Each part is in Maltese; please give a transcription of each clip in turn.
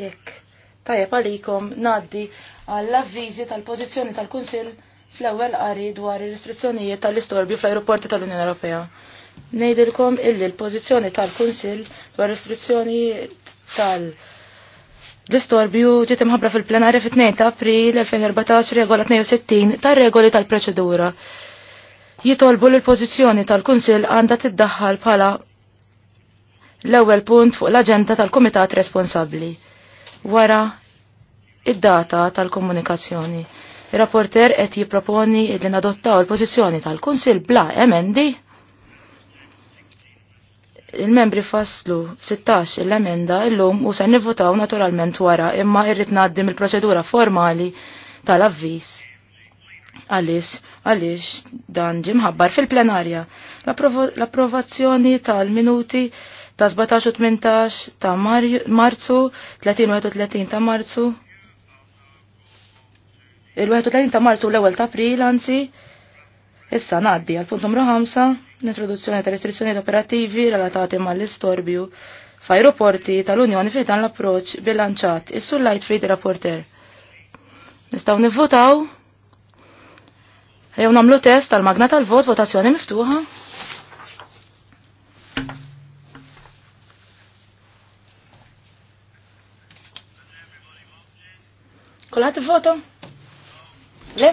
jekk tajjeb għalikom naddi għall-avviżi tal-pożizzjoni tal-Kunsill fl-ewwel qari dwar ir-restrizzjonijiet tal-istorbju fl-ajruporti tal-Unjoni Ewropea. Ngħidilkom illi l-pożizzjoni tal-Kunsill dwar restrizzjonijiet tal L-istorbju ġiet imħabbra fil-plenarja fit-2 ta' April 2014 regola 62 tar-regoli tal-proċedura. Jitolbu l-pożizzjoni tal-Kunsill għandha tiddaħħal bħala l-ewwel punt fuq l-aġenda tal-Kumitat Responsabbli wara id-data tal-komunikazzjoni. Il-rapporter qed jipproponi li nadottaw il-pożizzjoni tal-Kunsill bla emendi. Il-membri faslu 16 il-emenda illum u se nivvotaw naturalment wara imma irrid ngħaddim il-proċedura formali tal-avviż. Għaliex, għaliex dan ġimħabbar fil-plenarja. L-approvazzjoni tal-minuti ta' 17 u 18 ta' marzu, 30 ta' marzu, il-31 ta' marzu l-ewwel ta' april anzi, issa ngħaddi għal punt numru 5, l-introduzzjoni ta' restrizzjonijiet operattivi relatati mal-istorbju f'ajruporti tal-Unjoni fi dan l-approċċ bilanċat Issu l Light Free Rapporter. Nistgħu nivvotaw jew nagħmlu test tal-magna tal-vot votazzjoni miftuħa. Kulħat foto Le?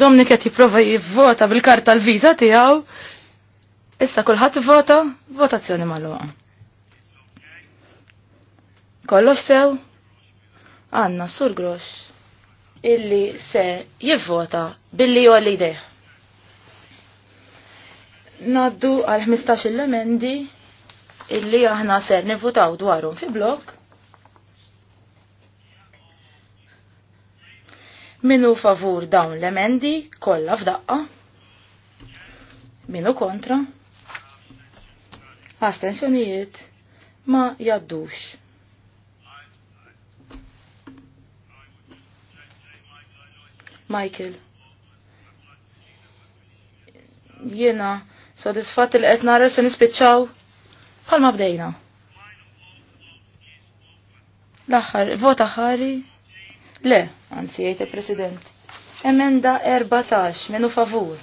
Domni qed jipprova jivvota bil-karta l viża tiegħu. Issa kulħadd vota votazzjoni magħluqa. Kollox sew? Għanna sur Grox illi se jivvota billi u għalli deħ. Naddu għal 15 l-emendi illi aħna ser nivvotaw dwarhom fi blok. Minu favur dawn l-emendi kollha f'daqqa. Minu kontra. Astensjonijiet ma jaddux. Michael. Jiena sodisfat il-qed nara se nispiċċaw bħalma bdejna. L-aħħar, vota ħari. Le, anzi jgħid il-President. Emenda 14, menu favur.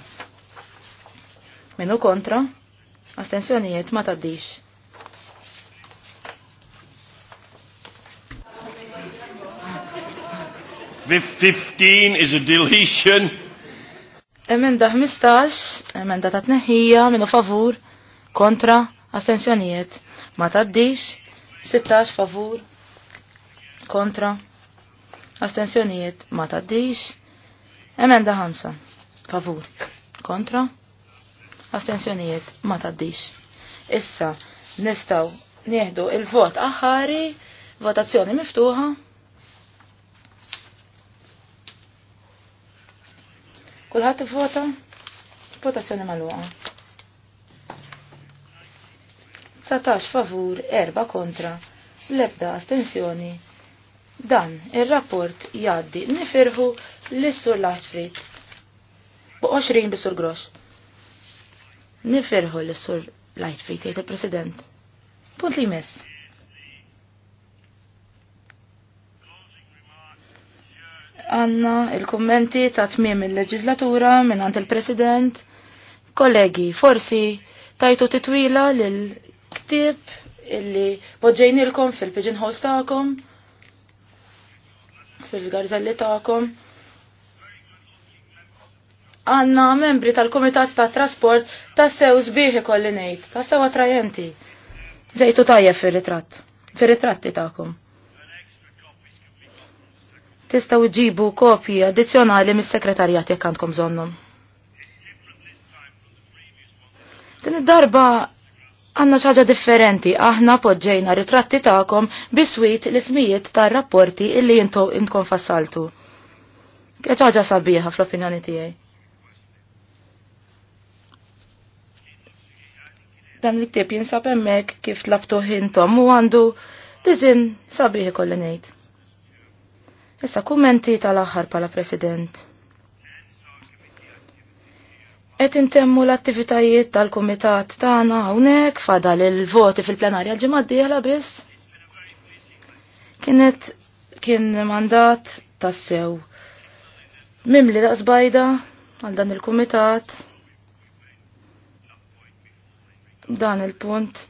Menu kontra. Astensjonijiet ma taddix. Fifteen is a deletion. Emenda 15, emenda ta' tneħħija, minu favur, kontra, astensjonijiet. Ma taddix, 16 favur, kontra, Astenzjonijiet ma taddix, emenda ħamsa, favur, kontra, astenzjonijiet ma taddix. Issa, nistaw nieħdu il-vot aħari, votazzjoni miftuħa. Kulħadd vota votazzjoni magħluqa. 19 favur, 4 kontra, l-ebda astensjoni Dan ir-rapport jgħaddi nifirħu l-sur Lightfried. Bu 20 bisur grosh. Nifirħu l-sur Lightfried jgħid il-President. Punt li mess. Għanna il-kommenti ta' tmiem il-leġizlatura minn il-President. Kollegi, forsi tajtu titwila l ktib illi poġġejnilkom fil-pigeonholes ta'kom fil-garżelli tagħkom. Għanna membri tal komitat ta' Trasport ta' sew sbieħi kolli ngħid, ta' sew attrajenti. Ġejtu tajjeb fir-ritratt, fir-ritratti tagħkom. Tistgħu ġibu kopji addizzjonali mis-sekretarjat jekk għandkom bżonnhom. Din id-darba Għanna ċaġa differenti, aħna podġejna ritratti ta'kom biswit l-ismijiet tar rapporti illi jintu intkom fassaltu. ċaġa sabiħa fl-opinjoni tijaj. Dan li ktib jinsab emmek kif tlabtu hintom u għandu dizin sabiħi kollinejt. Issa kummenti tal axar pala president. Et intemmu l-attivitajiet tal-komitat tagħna hawnhekk fadal il-voti fil-plenarja l-ġimgħa d-dieħla biss. Kienet kien mandat tassew mimli daqsbajda għal dan il-komitat. Dan il-punt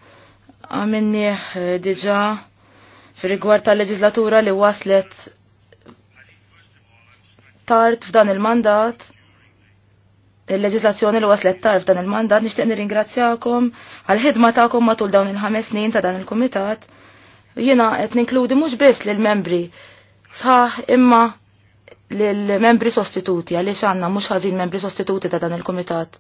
għamennieħ diġa fir-rigward tal-leġislatura li waslet tard f'dan il-mandat il-leġislazzjoni li waslet tarf dan il-mandat nixtieq nirringrazzjakom għal-ħidma tagħkom matul dawn il-ħames snin ta' dan il-kumitat. Jiena qed ninkludi mhux biss lill-membri sħaħ imma lill-membri sostituti għaliex għandna mhux ħażin membri sostituti ta' dan il-kumitat.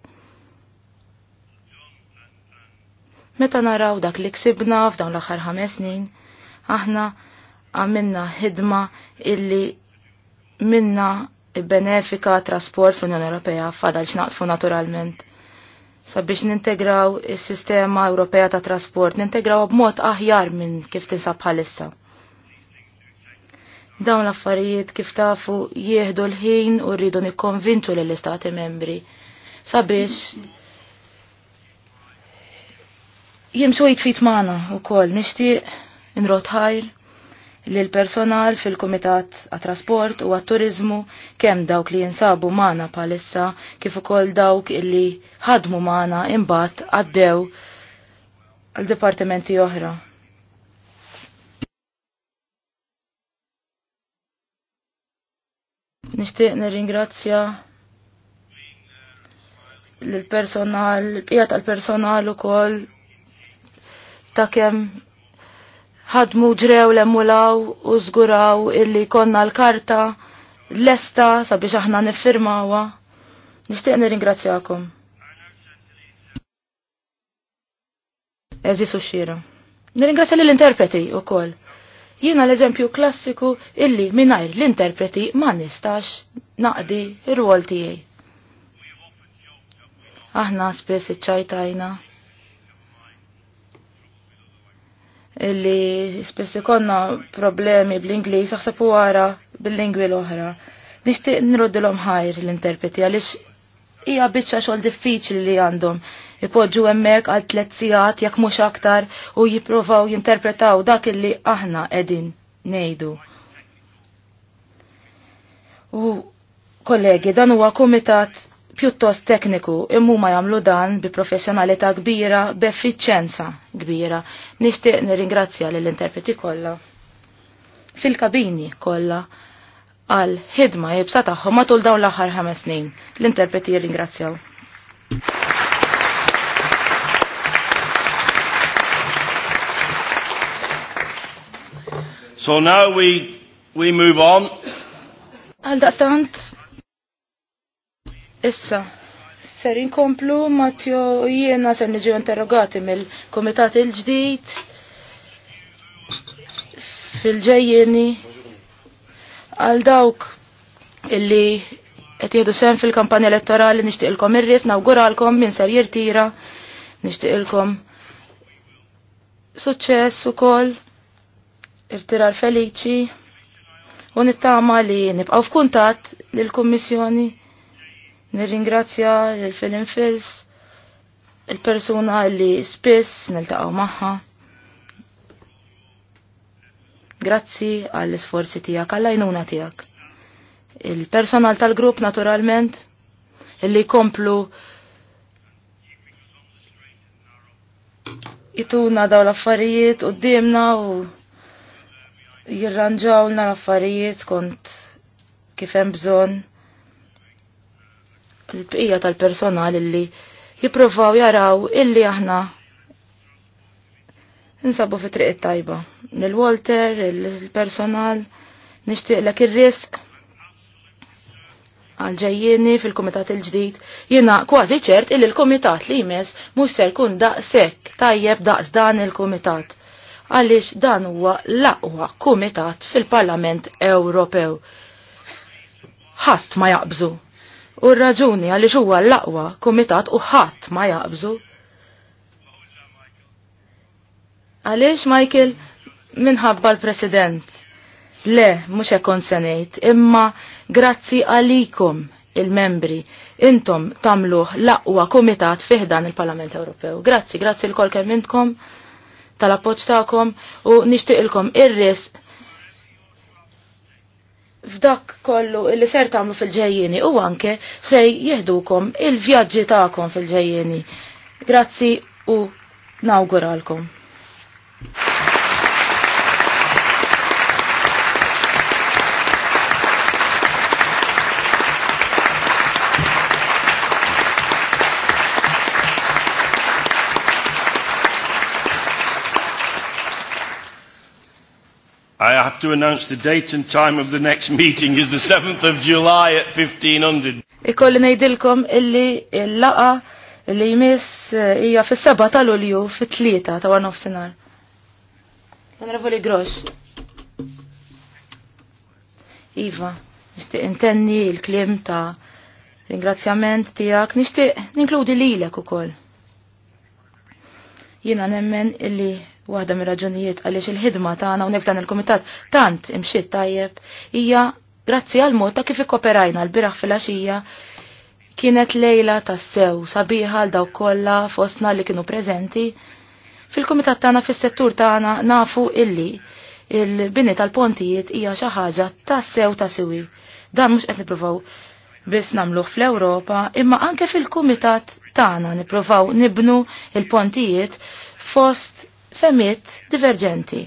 Meta naraw dak li ksibna f'dawn l-aħħar ħames snin, aħna għamilna ħidma illi minna benefika trasport fl-Unjoni Ewropea fadal xnaqfu naturalment. Sabiex nintegraw is-sistema Ewropea ta' trasport, nintegraw b'mod aħjar minn kif tinsab bħalissa. Dawn l-affarijiet kif tafu jieħdu l-ħin u rridu nikkonvinċu lill istati membri sabiex jimxu jitfit maħna u kol nishtiq nrotħajr lil personal fil-Kumitat għat-Trasport u għat-Turizmu kemm dawk li jinsabu maħna palissa kif ukoll dawk illi ħadmu magħna imbagħad għaddew għal dipartimenti oħra. Nishtiq nirringrazzja l-personal, l-pijat tal-personal u kol ta' kem ħadmu ġrew l-emulaw u żguraw illi konna l-karta l-esta sabiex aħna nifirmawa. Nishtiq nirringrazzjakom. Eżis u xira. Nirringrazzja l-interpreti u kol. Jiena l-eżempju klassiku illi minajr l-interpreti ma nistax naqdi r rwol tiegħi. Aħna spess iċċajtajna li spess ikonna problemi bl-Ingliż aħseb u għara bil-lingwi l-oħra. Nixtieq nroddilhom ħajr l-interpreti għaliex hija biċċa xogħol diffiċli li għandhom. Ipoġġu hemmhekk għal tliet sigħat jekk mhux aktar u jippruvaw jinterpretaw dak li aħna qegħdin ngħidu. U kollegi, dan huwa kumitat pjuttost tekniku immu ma jamlu dan bi professjonalità kbira, b'effiċenza kbira. Nixtieq nirringrazzja lill interpreti kollha. Fil-kabini kollha għal ħidma jibsa tagħhom matul dawn l-aħħar ħames snin. L-interpreti jirringrazzjaw. So now we we move on. Għal daqtant, Issa, ser inkomplu Matjo jiena ser niġu interrogati mill-komitat il-ġdid fil-ġejjeni għal dawk illi qed jieħdu sem fil-kampanja elettorali nixtieqilkom ir-ries nawguralkom min ser jirtira nixtieqilkom suċċess ukoll irtirar feliċi u nittama li nibqgħu f'kuntatt lill-Kummissjoni Nirringrazzja il filin Fils, il-persuna li spiss niltaqgħu magħha. Grazzi għall-isforzi tiegħek, għall-għajnuna tiegħek. Il-personal tal-grupp naturalment, illi komplu jituna daw l-affarijiet u d-dimna u jirranġawna l-affarijiet kont kifem bżon l-bqija tal-personal illi jiprofaw jaraw illi aħna nsabu fi triq tajba. Lil-Walter, il-personal, lak il-risk għalġejjeni fil-komitat il-ġdid. Jena kważi ċert illi l-komitat li jmes mux ser kun daqsek tajjeb daqs dan il-komitat. Għalix dan huwa l-aqwa komitat fil-Parlament Ewropew. Ħadd ma jaqbżu U r-raġuni għaliex huwa l-aqwa kumitat u ħadd ma jaqbżu. Għaliex Michael minħabba l-President. Le, mhux hekk imma grazzi għalikom il-membri. Intom tamluħ l-aqwa kumitat fiħdan il-Parlament Ewropew. Grazzi, grazzi l-kol kemm tal-appoġġ u nixtieqilkom ir-risq f'dak kollu li ser tagħmlu fil-ġejjieni u anke se jieħdukom il-vjaġġi tagħkom fil-ġejjieni. Grazzi u nawguralkom. I have to announce the date and time of the next meeting is the 7th of July at 1500. Ikolli ngħidilkom illi il laqa li jmiss eh, hija fis-seba tal-Ulju fit-tlieta ta' wara nofsinhar. Onorevoli Gross. Iva, nixtieq intenni l-kliem ta' ringrazzjament tiegħek, nixtieq ninkludi lilek ukoll. Jiena nemmen illi Waħda mir-raġunijiet għaliex il-ħidma tagħna u dan il-kumitat tant imxiet tajjeb hija grazzi għal mod ta' kif ikkoperajna l-biraħ fil-għaxija kienet lejla tas sew sabiħa l dawk kollha fostna li kienu preżenti. Fil-kumitat tagħna fis-settur tagħna nafu illi il-bini tal-pontijiet hija xi ħaġa tas sew ta' siwi. Dan mhux qed nippruvaw biss nagħmluh fl-Ewropa, imma anke fil-kumitat tagħna nippruvaw nibnu il-pontijiet fost femiet diverġenti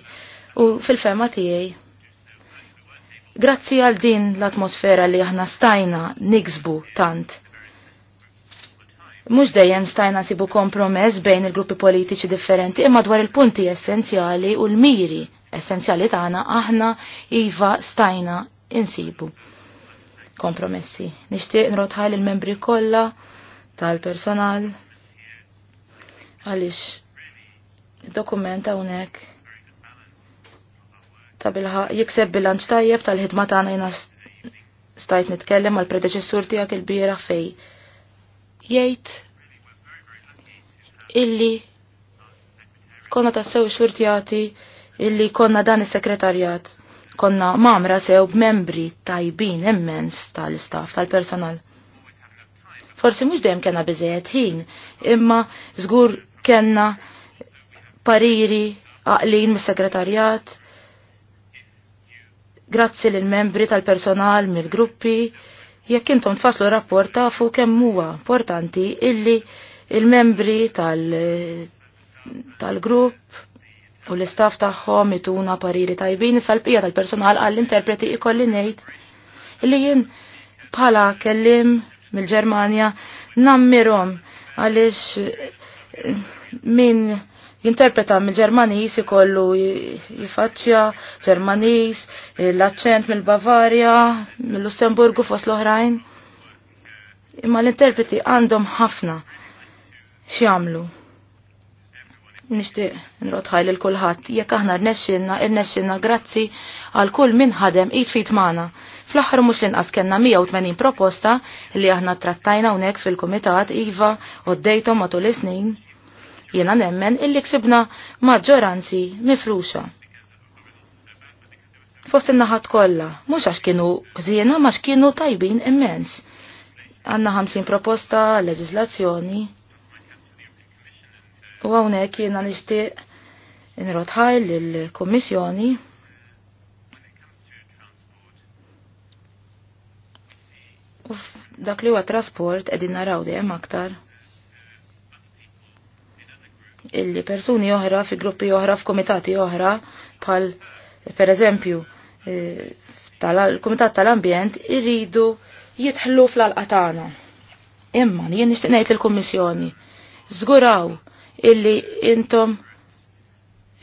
u fil-fema tiegħi. Grazzi għal din l-atmosfera li aħna stajna niksbu tant. Mux dejjem stajna sibu kompromess bejn il-gruppi politiċi differenti imma dwar il-punti essenzjali u l-miri essenzjali tagħna aħna iva stajna insibu kompromessi. Nixtieq nrotħal il-membri kollha tal-personal għaliex dokument hawnhekk ta' bilħa jikseb bilanċ tajjeb tal-ħidma tagħna jiena stajt nitkellem għal predeċessur tiegħek il-bieraħ fej jgħid illi konna tassew xurtjati illi konna dan is-sekretarjat. Konna mamra sew b'membri tajbin immens tal-istaff tal-personal. Forsi mhux dejjem kellna biżejjed ħin, imma żgur kellna pariri għaqlin mis-segretarjat. Grazzi lil membri tal-personal mill-gruppi, jekk intom tfaslu rapport tafu kemm huwa importanti illi il-membri tal-grupp tal u l-istaff tagħhom ituna pariri tajbin is-salbija tal-personal għall-interpreti ikolli ngħid illi jien bħala kellim mill-Ġermanja nammirhom għaliex min jinterpreta mill-Ġermanis ikollu jifaċċja Ġermanis, l-aċċent mill-Bavarja, mill-Lussemburgu fost l-oħrajn. Imma l-interpreti għandhom ħafna jagħmlu? Nixtieq nrotħajl il kulħadd jekk aħna rnexxinna irnexxilna grazzi għal kull min ħadem id fit magħna. Fl-aħħar mhux linqas kellna 180 proposta li aħna trattajna hawnhekk fil-kumitat iva għoddejthom matul is-snin Jena nemmen illi ksibna maġġoranzi mifruxa. Fost innaħat naħat kolla, mux għax kienu zjena ma kienu tajbin immens. Għanna ħamsin proposta, leġizlazzjoni. U għawnek jena nishti nrotħaj l-Komissjoni dak li huwa trasport qegħdin naraw dejjem aktar illi persuni oħra fi gruppi oħra f'komitati oħra bħal per eżempju eh, tal kumitat tal-Ambjent irridu jitħlu fl-alqatana. Imma jien nixtieq ngħid lill-Kummissjoni żguraw illi intom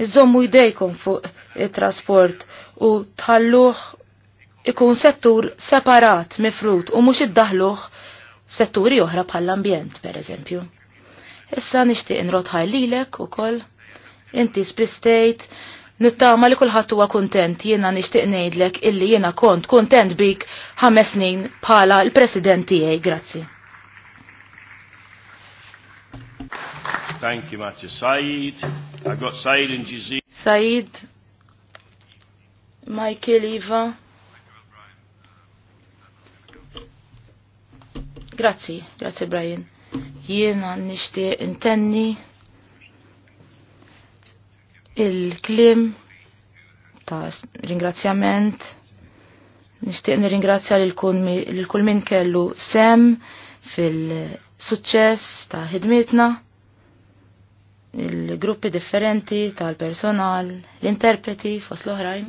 iżommu jdejkom fuq it-trasport u tħalluh ikun settur separat mifrut u mhux iddaħluh f'setturi oħra bħall-ambjent pereżempju. Issa nixtieq nrotħaj lilek ukoll. Inti spistejt nittama li kulħadd huwa kuntent jiena nixtieq ngħidlek illi jiena kont kuntent bik ħames snin bħala l-President tiegħi. Grazzi. Thank you much, Said. I got Said in Jizid. Said, Michael, Eva. Grazzi, grazie Brian. Jiena nixtieq intenni il-klim ta' ringrazzjament. Nixtieq nirringrazzja lil kull min kellu sem fil-suċċess ta' ħidmitna il-gruppi differenti tal-personal, l-interpreti fost l-oħrajn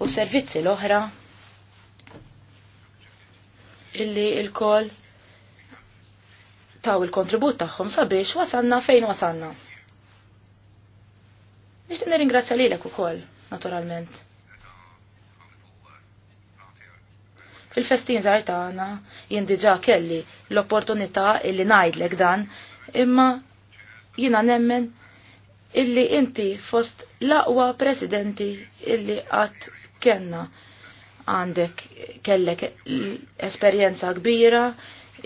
u servizzi l-oħra illi il-kol taw il-kontribut tagħhom sabiex wasanna fejn wasanna. Nixtieq nirringrazzja lilek ukoll, naturalment. Fil-festin żgħar tagħna jien kelli l-opportunità illi ngħidlek dan, imma jiena nemmen illi inti fost l-aqwa presidenti illi qatt kenna għandek kellek esperjenza kbira,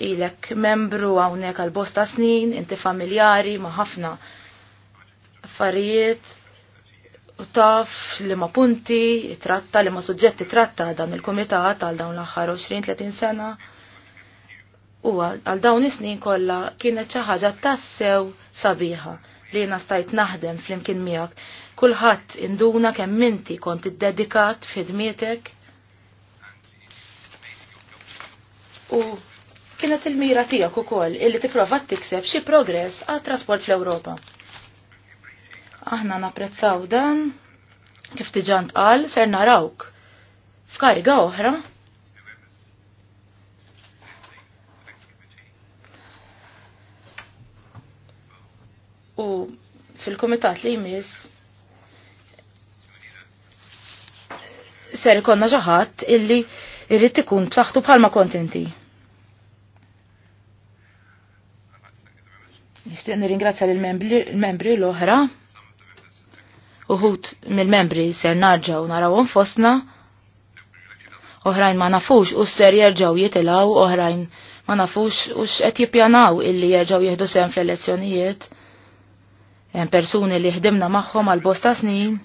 ilek membru għawnek għal bosta snin, inti familjari ma' ħafna affarijiet u taf li ma' punti, tratta li ma' suġġetti tratta dan il-komitat għal dawn l-axħar 20-30 sena. U għal dawn is-snin kollha kienet xi ħaġa tassew sabiħa li jiena stajt naħdem flimkien miegħek. Kulħadd induna kemm inti kont iddedikat f'ħidmietek. U kienet il-mira tiegħek ukoll illi tipprova tikseb xi progress għal trasport fl-Ewropa. Aħna napprezzaw dan kif diġà ntqal ser narawk f'kariga oħra u fil-komitat li jmiss ser ikonna ġaħat illi irrit ikun b'saħħtu bħalma kontinti. Nishtiq nirringrazzja lill-membri l-oħra. Uħut mill-membri ser narġaw narawhom fostna. Oħrajn ma nafux u ser jerġgħu jitilgħu, oħrajn ma nafux u x'qed jippjanaw illi jerġgħu jieħdu sehem fl-elezzjonijiet. Hemm persuni li ħdimna magħhom għal bosta snin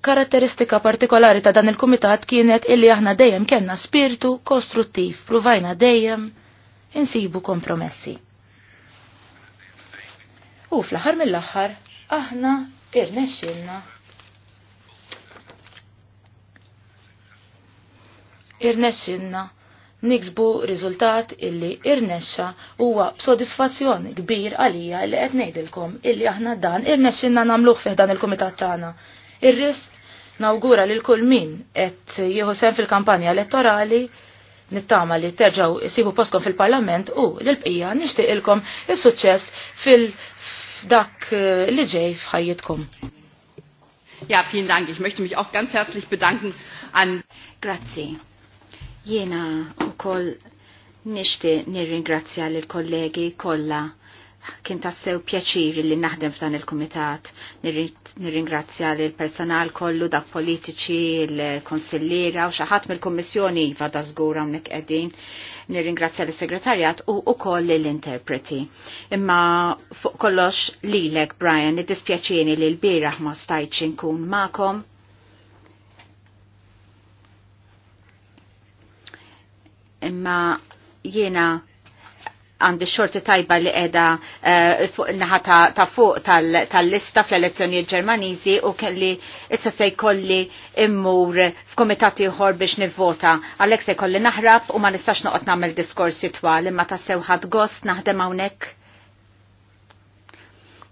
Karatteristika partikolari ta' dan il-kumitat kienet illi aħna dejjem kellna spiritu kostruttiv, pruvajna dejjem insibu kompromessi. U fl-aħħar mill-aħħar aħna irnexxilna irnexxilna niksbu riżultat illi irnexxa huwa b'sodisfazzjon kbir għalija li qed ngħidilkom illi aħna dan irnexxilna nagħmluh fih dan il-kumitat tagħna. Ir-ris nawgura lil kull min qed jieħu sem fil-kampanja elettorali nittama li terġaw sibu poskom fil-parlament u l-bqija nishtiq ilkom il sucċess fil-dak eh, li ġej fħajjitkom. Ja, vielen Dank. Ich möchte mich auch ganz herzlich bedanken an... Grazie. Jena u kol nishti nirringrazzja l-kollegi kolla kien tassew pjaċir li naħdem f'dan il-komitat. Nirringrazzja li l-personal kollu dak politiċi, l-konsillira u xaħat mill-kommissjoni iva da zgur hawnhekk qegħdin. Nirringrazzja li segretarjat u ukoll l-interpreti. Imma fuq kollox lilek Brian, id-dispjaċini li l-bieraħ ma stajtx inkun ma'kom. Imma jiena għandi xorti tajba li edha eh, naħa ta' fuq tal-lista fl-elezzjoni ġermaniżi u kelli issa se jkolli immur f'komitati ieħor biex nivvota. Għalhekk se jkolli naħrab u ma nistax noqgħod nagħmel diskorsi twal imma ta' sewħad gost naħdem hawnhekk.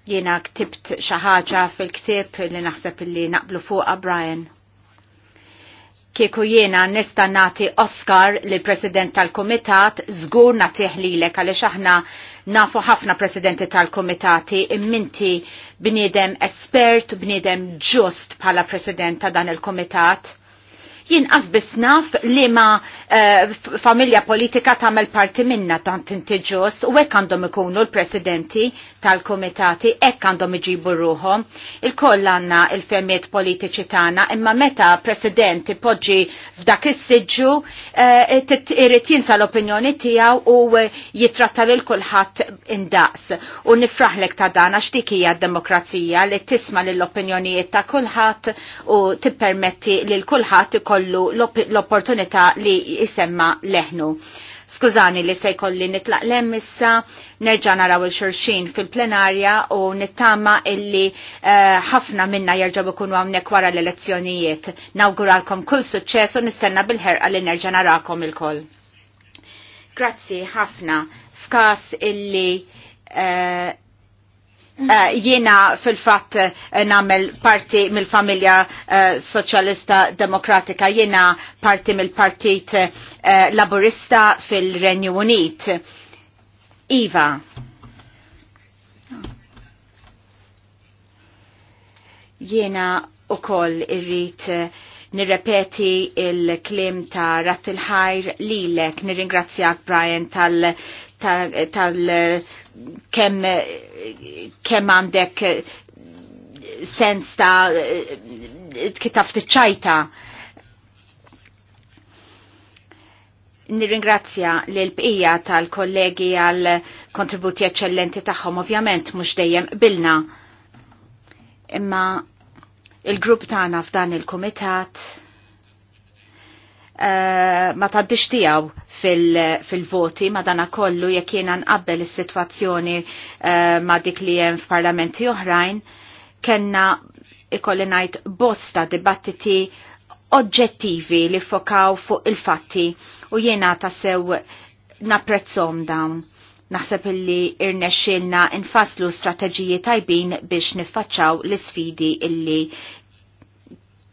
Jiena ktibt xi ħaġa fil-ktieb li naħseb illi naqblu fuqha Brian kieku jiena nista nati Oscar li president tal-komitat zgur natiħ lilek għaliex aħna nafu ħafna presidenti tal-komitati imminti bniedem espert, bniedem ġust bħala president ta' dan il-komitat jien qasbis naf li ma eh, familja politika tagħmel parti minna tant intiġos u hekk għandhom ikunu l-presidenti tal-komitati hekk għandhom iġibu ruħom. Il-koll għandna il-femiet politiċi tagħna imma meta president ipoġġi f'dak is-siġġu eh, irid jinsa l-opinjoni tiegħu u eh, jitratta lil kulħadd indaqs. U nifraħlek ta' dan għax dik hija d-demokrazija li tisma' lill-opinjonijiet ta' kulħadd u tippermetti lil kulħadd ikoll kollu l-opportunità li jisemma leħnu. Skużani li se kolli nitlaq l-emissa, nerġa naraw il-xurxin fil-plenarja u nittama illi eh, ħafna uh, minna jarġabu kunu għamnek wara l-elezzjonijiet. Nawguralkom kull suċċess u nistenna bil-ħerqa li nerġa narakom il-koll. Grazzi ħafna f'kas illi uh, Eh, jiena fil-fat eh, namel parti mill-familja eh, soċjalista demokratika, jiena parti mill-partit laburista fil-Renju Unit. Iva. Jiena u koll irrit nirrepeti il-klim ta' Rattilħajr lilek, nirringrazzjak Brian tal-, tal, tal kemm kemm għandek sens ta' tkitaf tiċċajta. Nirringrazzja li l-bqija tal-kollegi għal kontributi eccellenti tagħhom ovvjament mhux dejjem bilna. Imma il-grupp tagħna f'dan il-kumitat Eh, ma taddix tijaw fil-voti fil ma dana kollu jek jena nqabbel is-sitwazzjoni uh, ma dik li hemm f'parlamenti oħrajn kenna ikolli ngħid bosta dibattiti oġġettivi li fokaw fuq il-fatti u jena sew naprezzom dawn. Naħseb illi irnexxilna infaslu strateġiji tajbin biex niffaċċaw l-sfidi illi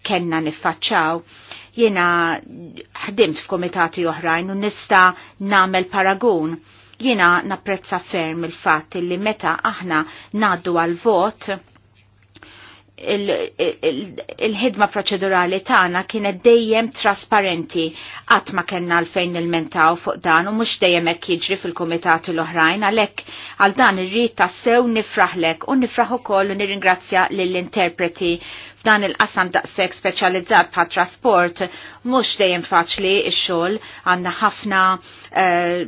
kenna niffaċċaw Jena ħdimt f'komitati oħrajn u nista namel paragun. Jena napprezza ferm il-fatt li meta aħna naddu għal-vot il-ħidma proċedurali tagħna kienet dejjem trasparenti qatt ma kellna għalfejn nilmentaw fuq dan u mhux dejjem hekk jiġri fil-kumitati l-oħrajn għalhekk għal dan irrid tassew nifraħlek u nifraħ ukoll u nirringrazzja lill-interpreti Dan il-qasam daqshekk speċjalizzat pa' trasport mhux dejjem faċli x-xogħol għandna ħafna eh,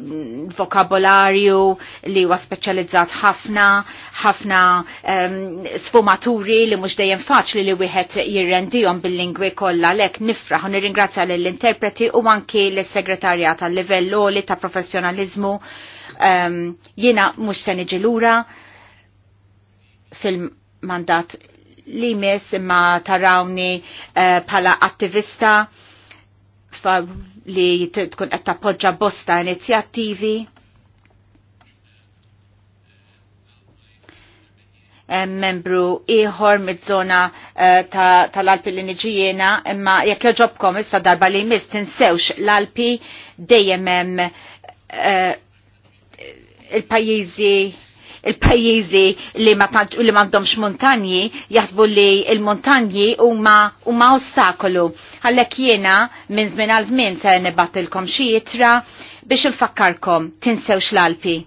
vokabolarju li huwa speċjalizzat ħafna, ħafna eh, sfumaturi li mhux dejjem faċli li wieħed jirrendihom bil-lingwi kollha lek nifraħ u nirringrazzja lill-interpreti u anki l-segretarja tal-livell li ta' professjonaliżmu um, ehm, jiena mhux se niġi lura fil-mandat li mis imma tarawni eh, pala attivista li tkun qed tappoġġa bosta inizjattivi. membru ieħor mid-żona eh, tal-Alpi li niġijiena, imma jekk joġobkom issa darba li jmiss tinsewx l-Alpi dejjem hemm eh, il-pajjiżi il-pajjiżi li ma li m'għandhomx montanji jaħsbu li l-montanji huma ma ostakolu. Għalhekk jiena minn żmien għal żmien se nibattilkom xi jitra biex infakkarkom tinsewx l-Alpi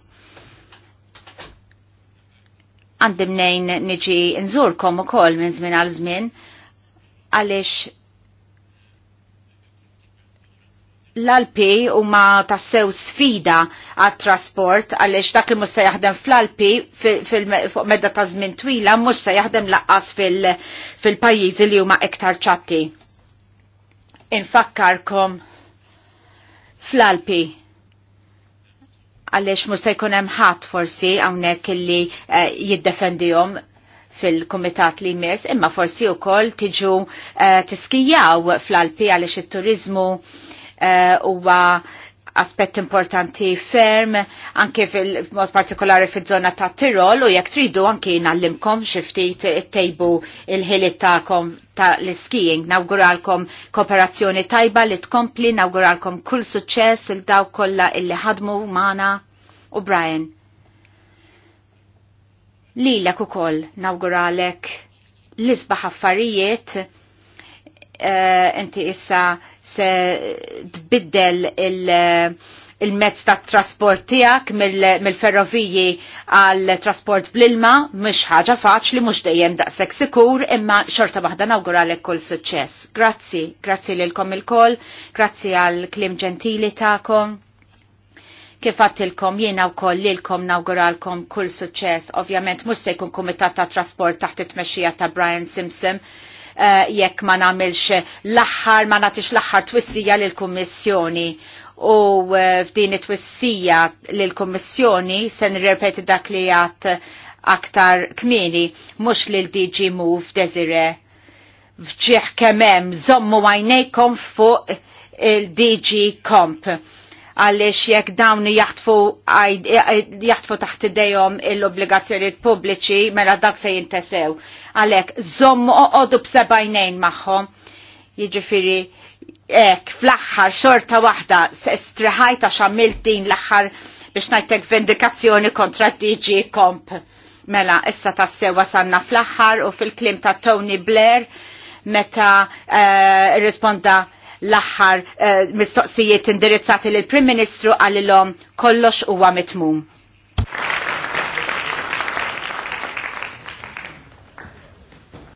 għandim nejn niġi nżurkom u kol minn zmin għal zmin għalix l-Alpi huma tassew sfida għat trasport għaliex dak li mhux se jaħdem fl-Alpi fuq medda ta' żmien twila mhux se jaħdem laqqas fil-pajjiżi li huma iktar ċatti. Infakkarkom fl-Alpi għaliex mhux se jkun hemm ħadd forsi hawnhekk illi eh, jiddefendijom fil-komitat li jmiss, imma forsi wkoll tiġu eh, tiskijaw fl-Alpi għaliex it-turizmu Eh, huwa aspett importanti ferm anke fil-mod partikolari fil-żona ta' Tirol u jekk tridu anke nallimkom xi ftit ittejbu il-ħiliet tagħkom ta' l-skiing. Nawguralkom kooperazzjoni tajba li tkompli, nawguralkom kull suċċess il daw kollha illi ħadmu mana u Brian. Lilek ukoll nawguralek l-isbaħ affarijiet Eh, inti issa se tbiddel il- eh, il-mezz ta' trasport tijak mill-ferroviji għal trasport bl-ilma, mux ħaġa faċli, mux dejjem sek sikur, imma xorta nawgura nawguralek kull suċċess. Grazzi, grazzi lilkom il kol grazzi għal klim ġentili ta'kom. Kif għattilkom jiena u koll lilkom nawguralkom kull suċċess, ovvjament mux se jkun kumitat ta' trasport taħt it-mexxija ta' Brian Simpson, Eh, jekk ma nagħmilx l-aħħar ma nagħtix l-aħħar twissija lill-Kummissjoni u eh, f'din it-twissija lill-Kummissjoni se nirrepeti dak li għat aktar kmini mhux lil DG Move Desire fġieħ kemem zommu għajnejkom fuq il-DG Comp għaliex jekk dawn jaħtfu taħt idejhom l-obbligazzjonijiet pubbliċi mela dak se jintesew. Għalhekk żomm oqgħodu b'sebajnejn magħhom. Jiġifieri hekk fl-aħħar xorta waħda striħajta x'għamilt din l-aħħar biex ngħidlek vendikazzjoni kontra DG Comp. Mela, issa tassewa sanna fl-aħħar u fil-klim ta' Tony Blair meta uh, risponda l-aħħar uh, mistoqsijiet indirizzati lill prim Ministru għalilhom kollox huwa mitmum.